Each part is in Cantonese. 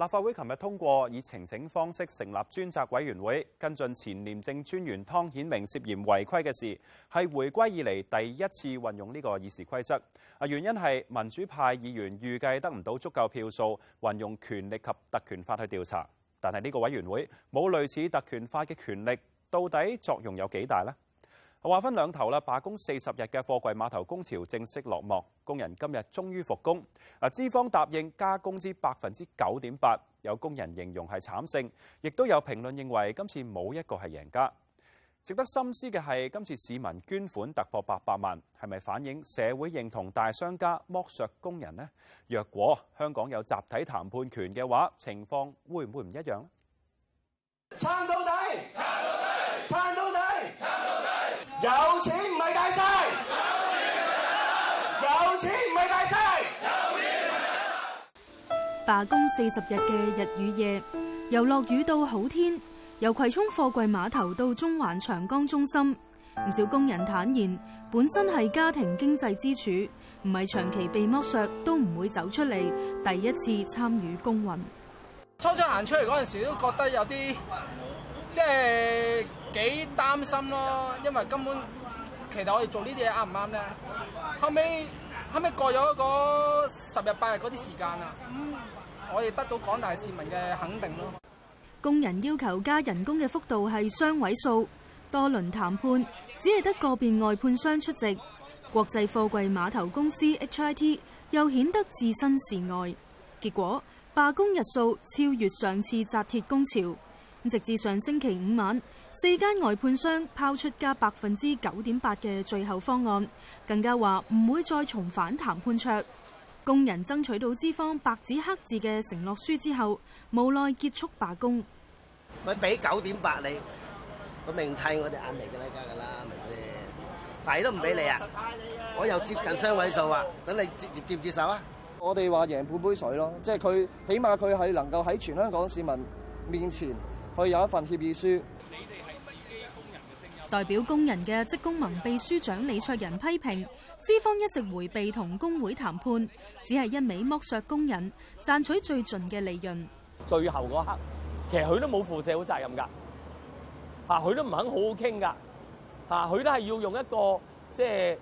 立法會琴日通過以呈請方式成立專責委員會，跟進前廉政專員湯顯明涉嫌違規嘅事，係回歸以嚟第一次運用呢個議事規則。啊，原因係民主派議員預計得唔到足夠票數，運用權力及特權法去調查。但係呢個委員會冇類似特權法嘅權力，到底作用有幾大呢？話分兩頭啦，罷工四十日嘅貨櫃碼頭工潮正式落幕，工人今日終於復工。啊，資方答應加工資百分之九點八，有工人形容係慘勝，亦都有評論認為今次冇一個係贏家。值得深思嘅係，今次市民捐款突破八百萬，係咪反映社會認同大商家剝削工人呢？若果香港有集體談判權嘅話，情況會唔會唔一樣？有錢唔係大晒，有錢唔係大晒。罷工四十日嘅日與夜，由落雨到好天，由葵涌貨櫃碼頭到中環長江中心，唔少工人坦言，本身係家庭經濟支柱，唔係長期被剝削都唔會走出嚟，第一次參與工運。初初行出嚟嗰陣時候，都覺得有啲。即係幾擔心咯，因為根本其實我哋做呢啲嘢啱唔啱呢？後尾後尾過咗嗰十日八日嗰啲時間啊，我哋得到廣大市民嘅肯定咯。工人要求加人工嘅幅度係雙位數，多輪談判只係得個別外判商出席。國際貨櫃碼頭公司 HIT 又顯得置身事外，結果罷工日數超越上次紮鐵工潮。直至上星期五晚，四間外判商拋出加百分之九點八嘅最後方案，更加話唔會再重返談判桌。工人爭取到資方白紙黑字嘅承諾書之後，無奈結束罷工。咪俾九點八你，個命替我哋眼嚟嘅啦，家噶啦，明唔明？提都唔俾你啊！我又接近雙位數啊，等你接接唔接受啊？我哋話贏半杯水咯，即係佢起碼佢係能夠喺全香港市民面前。佢有一份協議書。代表工人嘅職工盟秘書長李卓人批評：資方一直迴避同工會談判，只係一味剝削工人，賺取最盡嘅利潤。最後嗰刻，其實佢都冇負社會責任㗎，嚇佢都唔肯好好傾㗎，嚇佢都係要用一個即係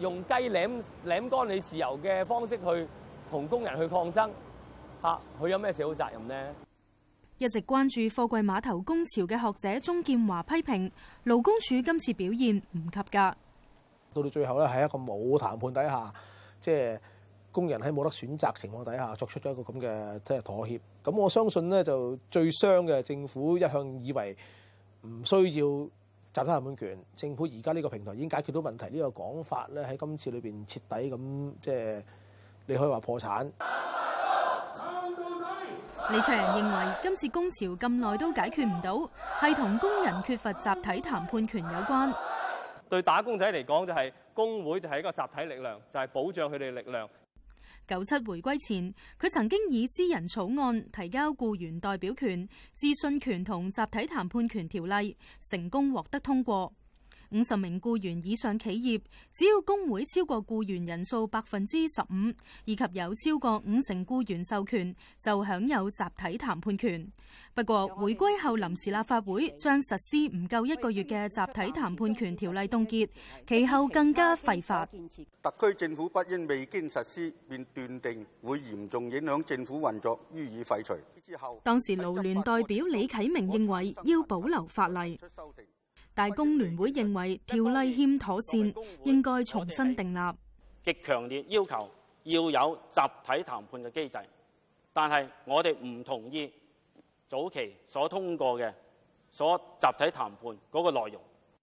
用雞舐舐乾你豉油嘅方式去同工人去抗爭，嚇佢有咩社會責任呢？一直關注貨櫃碼頭工潮嘅學者鍾建華批評勞工處今次表現唔及格。到到最後咧，係一個冇談判底下，即係工人喺冇得選擇情況底下作出咗一個咁嘅即係妥協。咁我相信咧，就最傷嘅政府一向以為唔需要集體談判權。政府而家呢個平台已經解決到問題呢個講法咧，喺今次裏邊徹底咁即係你可以話破產。李卓人認為今次工潮咁耐都解決唔到，係同工人缺乏集體談判權有關。對打工仔嚟講，就係工會就係一個集體力量，就係、是、保障佢哋嘅力量。九七回歸前，佢曾經以私人草案提交《僱員代表權、資訊權同集體談判權條例》，成功獲得通過。五十名僱員以上企業，只要工會超過僱員人數百分之十五，以及有超過五成僱員授權，就享有集體談判權。不過回歸後臨時立法會將實施唔夠一個月嘅集體談判權條例凍結，其後更加廢法。特區政府不應未經實施便斷定會嚴重影響政府運作，予以廢除。當時勞聯代，代表李啟明認為要保留法例。大工聯會認為條例欠,欠,欠妥善，應該重新訂立。極強烈要求要有集體談判嘅機制，但係我哋唔同意早期所通過嘅所集體談判嗰個內容，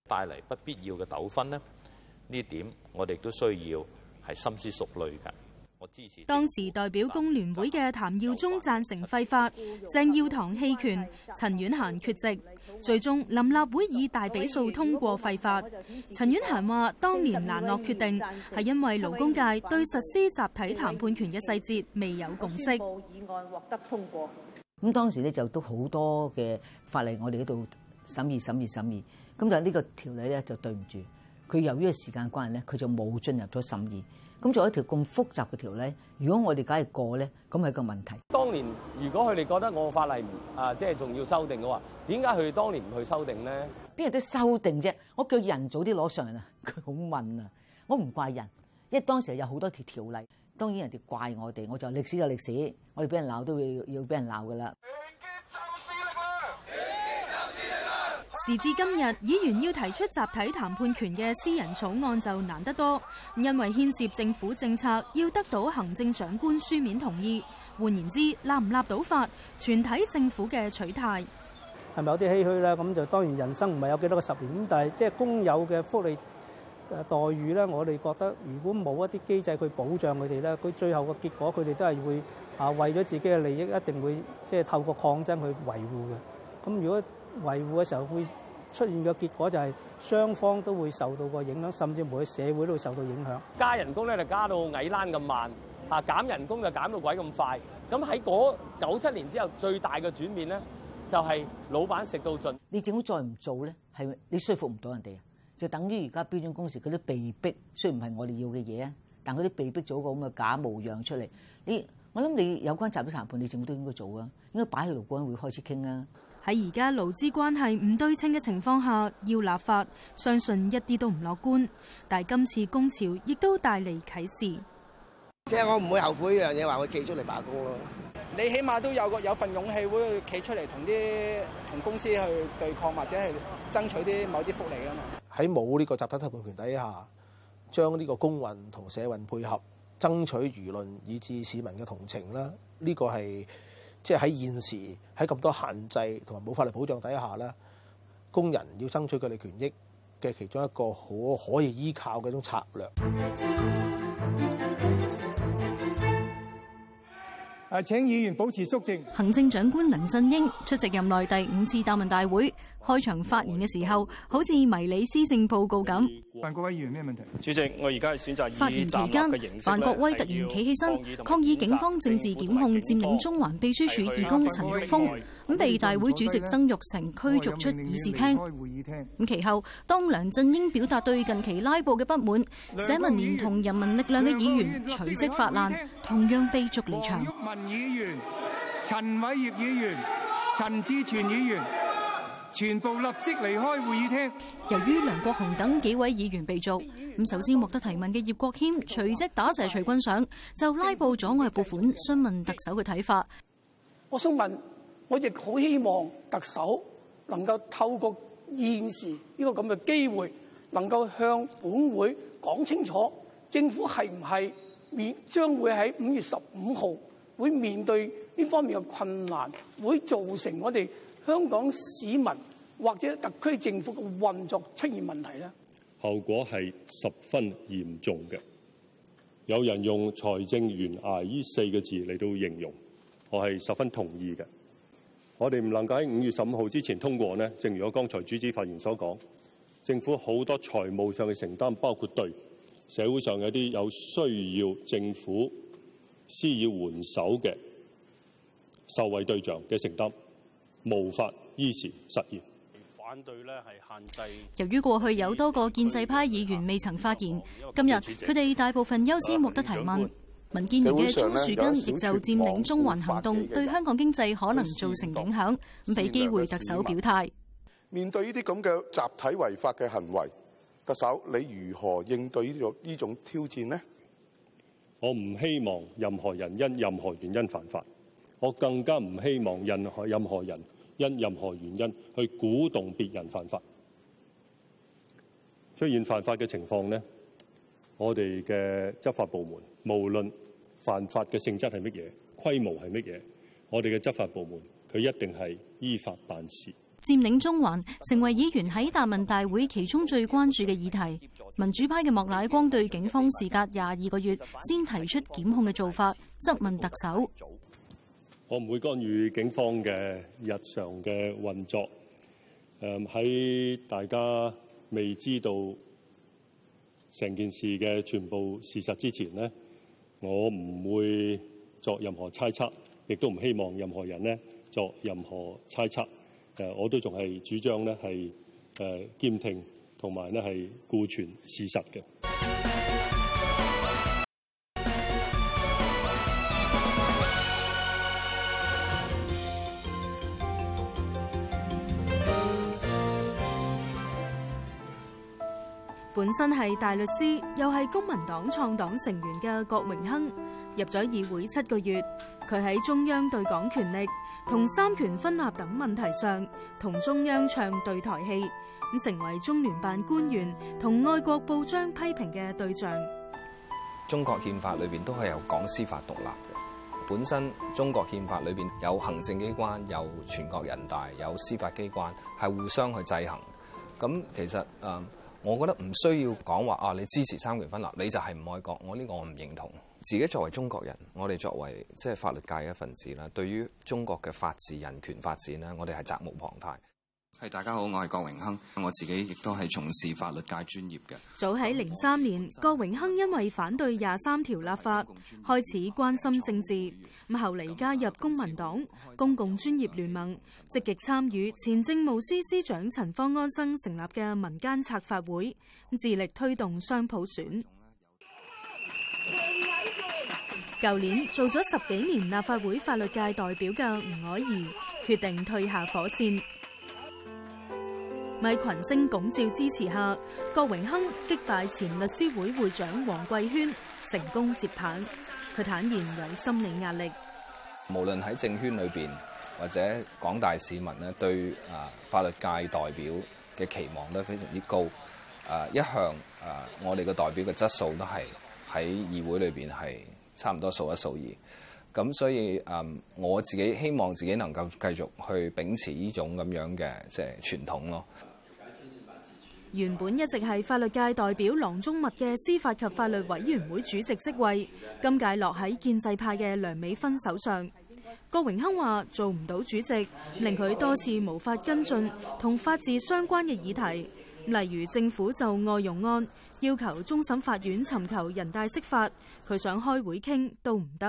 帶嚟不必要嘅糾紛咧。呢點我哋都需要係深思熟慮嘅。我支持當時代表工聯會嘅譚耀宗贊成廢法，鄭耀棠棄權，陳婉嫻缺席。最終，臨立會以大比數通過廢法。陳婉嫻話，當年難落決定，係因為勞工界對實施集體談判權嘅細節未有共識。議案獲得通過。咁當時咧就都好多嘅法例，我哋呢度審議、審議、審議，咁但係呢個條例咧就對唔住，佢由於個時間關係咧，佢就冇進入咗審議。咁做一條咁複雜嘅條例，如果我哋梗係過咧，咁係個問題。當年如果佢哋覺得我法例啊，即係仲要修訂嘅話，點解佢當年唔去修訂咧？邊人哋修訂啫？我叫人早啲攞上嚟啦，佢好問啊！我唔怪人，因為當時有好多條條例，當然人哋怪我哋，我就歷史就歷史，我哋俾人鬧都會要俾人鬧㗎啦。時至今日，議員要提出集體談判權嘅私人草案就難得多，因為牽涉政府政策，要得到行政長官書面同意。換言之，立唔立到法，全體政府嘅取態係咪有啲唏噓呢？咁就當然，人生唔係有幾多個十年，但係即係工友嘅福利誒待遇呢。我哋覺得如果冇一啲機制去保障佢哋呢，佢最後嘅結果佢哋都係會啊為咗自己嘅利益，一定會即係透過抗爭去維護嘅。咁如果維護嘅時候會出現嘅結果就係雙方都會受到個影響，甚至乎嘅社會都會受到影響。加人工咧就加到矮欄咁慢，啊減人工就減到鬼咁快。咁喺嗰九七年之後最大嘅轉變咧，就係、是、老闆食到盡。你政府再唔做咧，係你説服唔到人哋啊！就等於而家標準工時嗰啲被逼，雖然唔係我哋要嘅嘢啊，但嗰啲被逼做一個咁嘅假模樣出嚟。你我諗你有關集體談判，你政府都應該做啊，應該擺喺勞顧會開始傾啊。喺而家勞資關係唔對稱嘅情況下，要立法，相信一啲都唔樂觀。但係今次工潮亦都帶嚟啟示，即係我唔會後悔呢樣嘢，話佢企出嚟罷工咯。你起碼都有個有份勇氣，會企出嚟同啲同公司去對抗，或者係爭取啲某啲福利啊嘛。喺冇呢個集體談判權底下，將呢個公運同社運配合，爭取輿論以至市民嘅同情啦，呢個係。即係喺現時喺咁多限制同埋冇法律保障底下咧，工人要爭取佢哋權益嘅其中一個可可以依靠嘅一種策略。啊，請議員保持肅靜。行政長官梁振英出席任內第五次答問大會。開場發言嘅時候，好似迷你施政報告咁。范國威議員咩問題？主席，我而家係選擇。發言期間，范國威突然企起身，抗議警方政治檢控佔領中環秘書處義工陳玉峰，咁被大會主席曾玉成驅逐出議事廳。咁其後，當梁振英表達對近期拉布嘅不滿，社民連同人民力量嘅議員隨即發難，同樣被逐離場。黃毓民議員、陳偉業議員、陳志全議員。全部立即離開會議廳。由於梁國雄等幾位議員被逐，咁首先獲得提問嘅葉國謙隨即打蛇隨棍上，就拉布咗外撥款，詢問特首嘅睇法。我想問，我亦好希望特首能夠透過現時呢個咁嘅機會，能夠向本會講清楚，政府係唔係面將會喺五月十五號會面對呢方面嘅困難，會造成我哋。香港市民或者特區政府嘅運作出現問題咧，後果係十分嚴重嘅。有人用財政懸崖呢四個字嚟到形容，我係十分同意嘅。我哋唔能夠喺五月十五號之前通過咧，正如我剛才主旨發言所講，政府好多財務上嘅承擔，包括對社會上有啲有需要政府施以援手嘅受惠對象嘅承擔。無法依時實現。由於過去有多個建制派議員未曾發言，今日佢哋大部分優先獲得提問。啊、民建聯嘅鍾樹根亦就佔領中環行動對香港經濟可能造成影響，咁俾機會特首表態。面對呢啲咁嘅集體違法嘅行為，特首你如何應對呢種呢種挑戰呢？我唔希望任何人因任何原因犯法。我更加唔希望任何任何人因任何原因去鼓動別人犯法。雖然犯法嘅情況呢，我哋嘅執法部門無論犯法嘅性質係乜嘢，規模係乜嘢，我哋嘅執法部門佢一定係依法辦事。佔領中環成為議員喺答問大會其中最關注嘅議題，民主派嘅莫乃光對警方時隔廿二個月先提出檢控嘅做法質問特首。我唔會干預警方嘅日常嘅運作。誒，喺大家未知道成件事嘅全部事實之前咧，我唔會作任何猜測，亦都唔希望任何人咧作任何猜測。誒，我都仲係主張咧係誒兼聽同埋咧係顧全事實嘅。本身係大律師，又係公民黨創黨成員嘅郭榮鏗入咗議會七個月，佢喺中央對港權力同三權分立等問題上同中央唱對台戲，咁成為中聯辦官員同外國報章批評嘅對象。中國憲法裏邊都係有講司法獨立嘅。本身中國憲法裏邊有行政機關，有全國人大，有司法機關，係互相去制衡。咁其實誒。嗯我覺得唔需要講話啊！你支持三權分立，你就係唔愛國。我呢個我唔認同。自己作為中國人，我哋作為即係法律界嘅一份子啦，對於中國嘅法治、人權發展啦，我哋係責無旁貸。係大家好，我係郭榮鏗。我自己亦都係從事法律界專業嘅。早喺零三年，郭榮鏗因為反對廿三條立法，開始關心政治。咁後嚟加入公民黨、公共專業聯盟，積極參與前政務司司長陳方安生成立嘅民間策法會，致力推動雙普選。舊年做咗十幾年立法會法律界代表嘅吳靄儀，決定退下火線。咪群星拱照支持下，郭榮鏗擊敗前律師會會長黃桂軒，成功接棒。佢坦言有心理壓力。無論喺政圈裏邊或者廣大市民咧，對啊法律界代表嘅期望都非常之高。啊，一向啊，我哋嘅代表嘅質素都係喺議會裏邊係差唔多數一數二。咁所以啊，我自己希望自己能夠繼續去秉持呢種咁樣嘅即係傳統咯。原本一直係法律界代表囊中物嘅司法及法律委員會主席職位，今屆落喺建制派嘅梁美芬手上。郭榮鏗話做唔到主席，令佢多次無法跟進同法治相關嘅議題，例如政府就外傭案要求終審法院尋求人大釋法，佢想開會傾都唔得。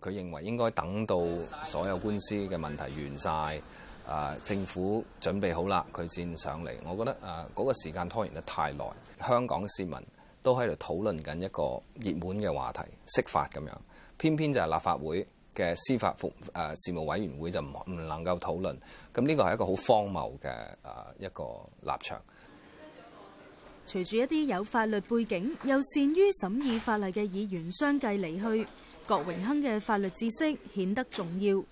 佢認為應該等到所有官司嘅問題完晒。啊！政府準備好啦，佢先上嚟。我覺得啊，嗰、那個時間拖延得太耐，香港市民都喺度討論緊一個熱門嘅話題，釋法咁樣。偏偏就係立法會嘅司法服誒、啊、事務委員會就唔唔能夠討論。咁呢個係一個好荒謬嘅啊一個立場。隨住一啲有法律背景又善於審議法例嘅議員相繼離去，郭榮鏗嘅法律知識顯得重要。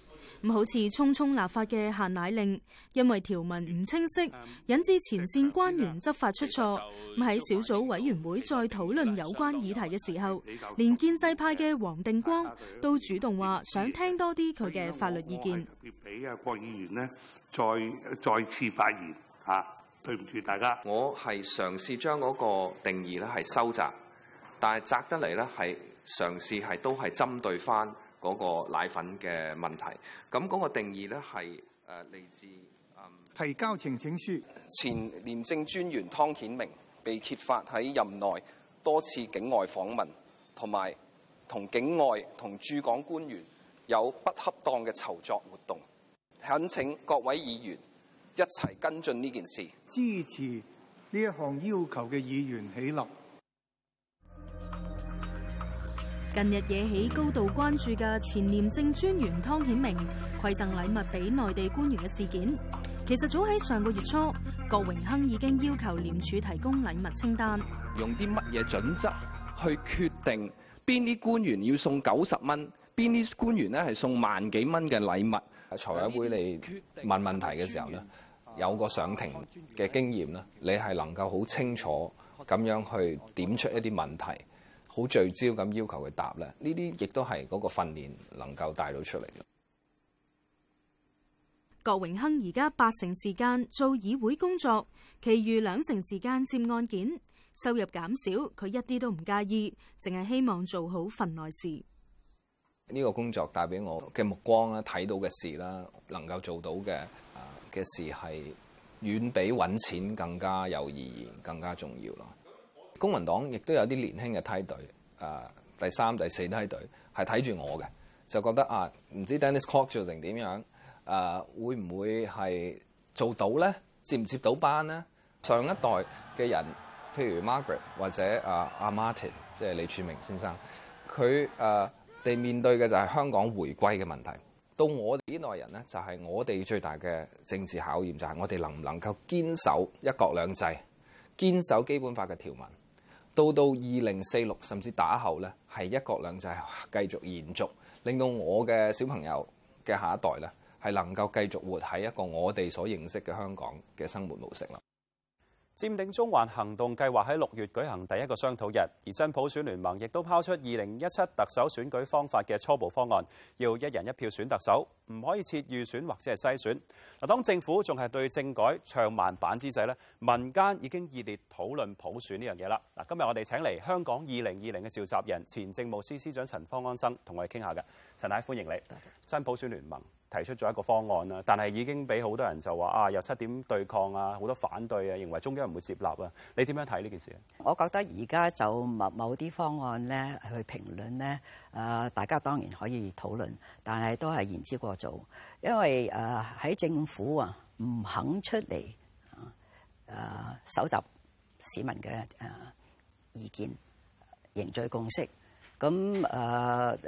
咁好似匆匆立法嘅限奶令，因為條文唔清晰，引致前綫官員執法出錯。咁喺小組委員會再討論有關議題嘅時候，連建制派嘅黃定光都主動話想聽多啲佢嘅法律意見。俾啊郭議員呢再再次發言吓，對唔住大家，我係嘗試將嗰個定義咧係收窄，但係窄得嚟咧，係嘗試係都係針對翻。嗰個奶粉嘅問題，咁、那、嗰個定義呢係誒嚟自、嗯、提交呈請書。前廉政專員湯顯明被揭發喺任內多次境外訪問，同埋同境外同駐港官員有不恰當嘅籌作活動。懇請各位議員一齊跟進呢件事，支持呢一項要求嘅議員起立。近日惹起高度關注嘅前廉政專員湯顯明饋贈禮物俾內地官員嘅事件，其實早喺上個月初，郭榮鏗已經要求廉署提供禮物清單，用啲乜嘢準則去決定邊啲官員要送九十蚊，邊啲官員咧係送萬幾蚊嘅禮物？財委會，嚟問問題嘅時候咧，有個上庭嘅經驗啦，你係能夠好清楚咁樣去點出一啲問題。好聚焦咁要求佢答咧，呢啲亦都係嗰個訓練能夠帶到出嚟嘅。郭榮鏗而家八成時間做議會工作，其餘兩成時間接案件，收入減少，佢一啲都唔介意，淨係希望做好份內事。呢個工作帶俾我嘅目光啦，睇到嘅事啦，能夠做到嘅啊嘅事係遠比揾錢更加有意義，更加重要咯。公民黨亦都有啲年輕嘅梯隊、呃，第三、第四梯隊係睇住我嘅，就覺得啊，唔知 Dennis Kwok 做成點樣誒、呃，會唔會係做到咧？接唔接到班咧？上一代嘅人，譬如 Margaret 或者啊阿 Martin，即係李柱銘先生，佢哋、啊、面對嘅就係香港回歸嘅問題。到我哋呢代人咧，就係、是、我哋最大嘅政治考驗，就係、是、我哋能唔能夠堅守一國兩制，堅守基本法嘅條文。到到二零四六甚至打後咧，係一國兩制繼續延續，令到我嘅小朋友嘅下一代咧，係能夠繼續活喺一個我哋所認識嘅香港嘅生活模式啦。佔領中環行動計劃喺六月舉行第一個商討日，而真普選聯盟亦都拋出二零一七特首選舉方法嘅初步方案，要一人一票選特首，唔可以設預選或者係篩選。嗱，當政府仲係對政改唱慢板之際咧，民間已經熱烈討論普選呢樣嘢啦。嗱，今日我哋請嚟香港二零二零嘅召集人、前政務司司長陳方安生同我哋傾下嘅，陳太太，歡迎你。真謝普選聯盟。提出咗一個方案啦，但係已經俾好多人就話啊，有七點對抗啊，好多反對啊，認為中央唔會接納啊。你點樣睇呢件事啊？我覺得而家就某某啲方案咧，去評論咧，誒、呃，大家當然可以討論，但係都係言之過早，因為誒喺、呃、政府啊，唔肯出嚟誒、呃、搜集市民嘅誒、呃、意見凝聚共識。咁誒誒，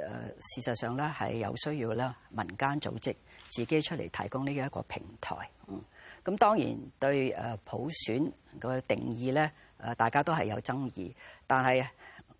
事實上咧係有需要咧，民間組織自己出嚟提供呢一個平台，嗯。咁當然對誒普選個定義咧，誒、呃、大家都係有爭議，但係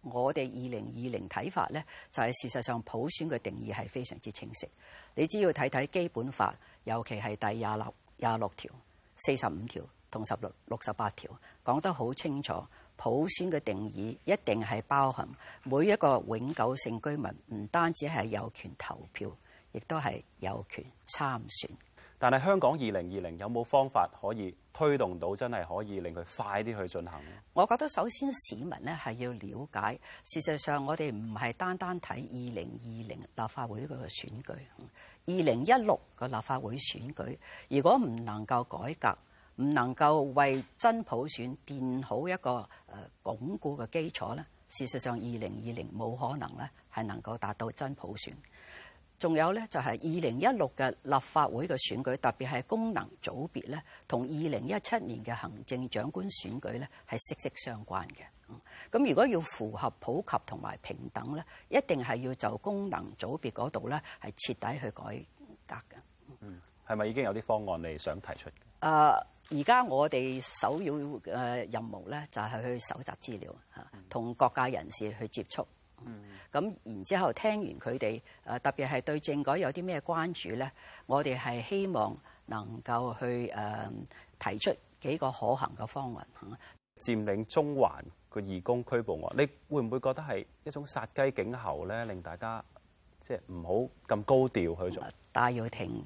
我哋二零二零睇法咧，就係事實上普選嘅定義係非常之清晰。你只要睇睇基本法，尤其係第廿六廿六條、四十五條同十六六十八條，講得好清楚。普選嘅定義一定係包含每一個永久性居民，唔單止係有權投票，亦都係有權參選。但係香港二零二零有冇方法可以推動到真係可以令佢快啲去進行咧？我覺得首先市民咧係要了解，事實上我哋唔係單單睇二零二零立法會嗰個選舉，二零一六個立法會選舉如果唔能夠改革。唔能夠為真普選奠好一個誒鞏固嘅基礎呢，事實上二零二零冇可能呢係能夠達到真普選。仲有呢，就係二零一六嘅立法會嘅選舉，特別係功能組別呢同二零一七年嘅行政長官選舉呢係息息相關嘅。咁、嗯、如果要符合普及同埋平等呢，一定係要就功能組別嗰度呢係徹底去改革嘅。嗯，係咪已經有啲方案你想提出嘅？誒、呃。而家我哋首要嘅任務咧，就係去搜集資料，嚇同、嗯、各界人士去接觸。咁、嗯、然之後聽完佢哋，誒特別係對政改有啲咩關注咧，我哋係希望能夠去誒、呃、提出幾個可行嘅方案。佔領中環個義工拘捕我，你會唔會覺得係一種殺雞儆猴咧？令大家即係唔好咁高調去做。戴耀廷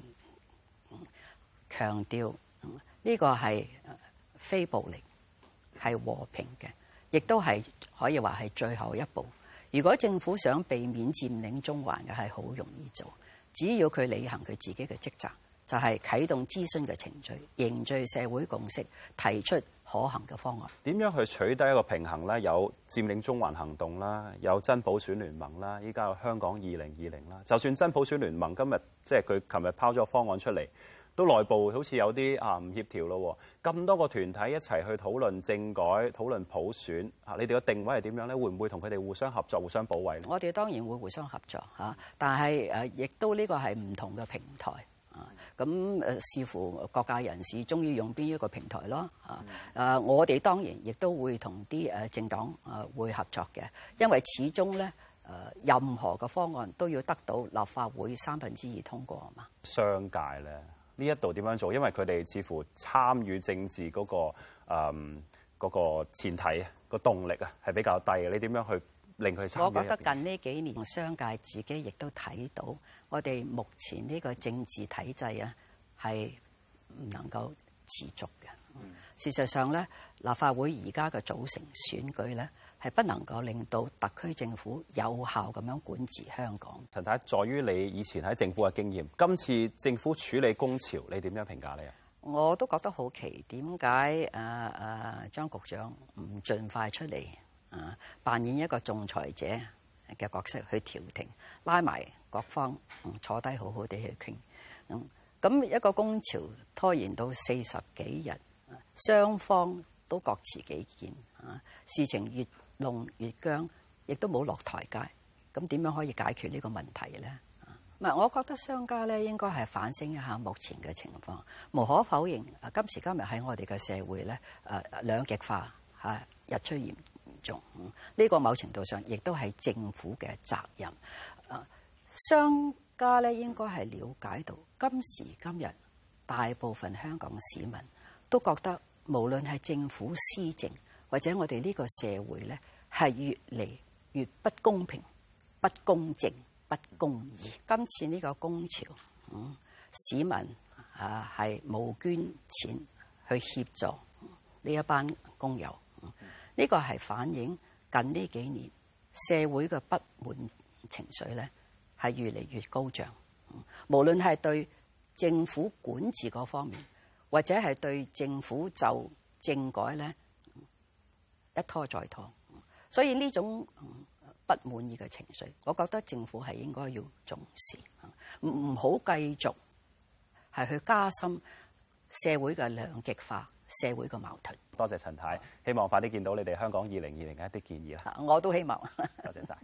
強調。呢個係非暴力，係和平嘅，亦都係可以話，係最後一步。如果政府想避免佔領中環嘅，係好容易做，只要佢履行佢自己嘅職責，就係啟動諮詢嘅程序，凝聚社會共識，提出可行嘅方案。點樣去取得一個平衡咧？有佔領中環行動啦，有真普選聯盟啦，依家有香港二零二零啦。就算真普選聯盟今日即係佢琴日拋咗個方案出嚟。都內部好似有啲啊唔協調咯，咁多個團體一齊去討論政改、討論普選啊，你哋嘅定位係點樣咧？會唔會同佢哋互相合作、互相保衞咧？我哋當然會互相合作嚇、啊，但係誒、啊，亦都呢個係唔同嘅平台啊。咁誒、啊，視乎各界人士中意用邊一個平台咯啊。誒、嗯啊，我哋當然亦都會同啲誒政黨啊會合作嘅，因為始終咧誒、啊、任何嘅方案都要得到立法會三分之二通過啊嘛。是商界咧？呢一度點樣做？因為佢哋似乎參與政治嗰、嗰個誒、嗯嗰個、前提、嗰個動力啊，係比較低嘅。你點樣去令佢參與？我覺得近呢幾年商界自己亦都睇到，我哋目前呢個政治體制啊，係唔能夠持續嘅。事實上咧，立法會而家嘅組成選舉咧，係不能夠令到特區政府有效咁樣管治香港。陳太，在於你以前喺政府嘅經驗，今次政府處理工潮，你點樣評價你呀？我都覺得好奇，點解啊啊張局長唔盡快出嚟啊，扮演一個仲裁者嘅角色去調停，拉埋各方、嗯、坐低好好地去傾。咁、嗯、咁、嗯、一個工潮拖延到四十幾日、啊，雙方都各持己見啊，事情越弄月僵，亦都冇落台階。咁點樣可以解決呢個問題呢？唔係，我覺得商家呢應該係反省一下目前嘅情況。無可否認，今時今日喺我哋嘅社會呢，誒兩極化吓日趨嚴重。呢、這個某程度上亦都係政府嘅責任。誒，商家呢應該係了解到今時今日大部分香港市民都覺得，無論係政府施政，或者我哋呢個社會呢，係越嚟越不公平、不公正、不公義。今次呢個工潮，嗯，市民啊係無捐錢去協助呢一班工友，呢、呢個係反映近呢幾年社會嘅不滿情緒呢，係越嚟越高漲。無論係對政府管治嗰方面，或者係對政府就政改呢。一拖再拖，所以呢種不滿意嘅情緒，我覺得政府係應該要重視，唔唔好繼續，係去加深社會嘅兩極化、社會嘅矛盾。多謝陳太，希望快啲見到你哋香港二零二零嘅一啲建議啦。我都希望。 多謝晒。